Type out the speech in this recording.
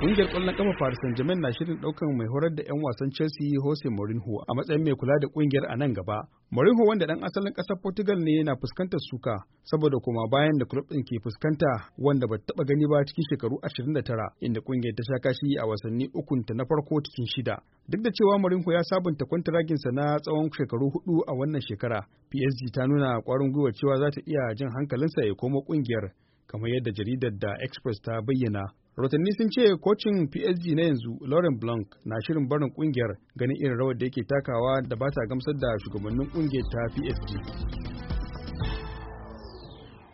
Ƙungiyar ƙwallon ƙafa Paris Saint-Germain na shirin ɗaukan mai horar da 'yan wasan Chelsea Jose Mourinho a matsayin mai kula da ƙungiyar a nan gaba. Mourinho wanda 'dan asalin ƙasar Portugal ne yana fuskantar suka saboda kuma bayan da club ɗin ke fuskanta wanda ba taɓa gani ba cikin shekaru 29 inda ƙungiyar ta sha kashi a wasanni ta na farko cikin shida. Duk da cewa Mourinho ya sabunta kwantaraginsa na tsawon shekaru hudu a wannan shekara, PSG ta nuna ƙwarin gwiwa cewa za ta iya jin hankalinsa ya komo ƙungiyar. kamar yadda jaridar da express ta bayyana Rotanni sun ce kocin PSG na yanzu Lauren Blanc na shirin barin kungiyar ganin irin rawar da yake takawa da ba ta gamsar da shugabannin kungiyar ta PSG.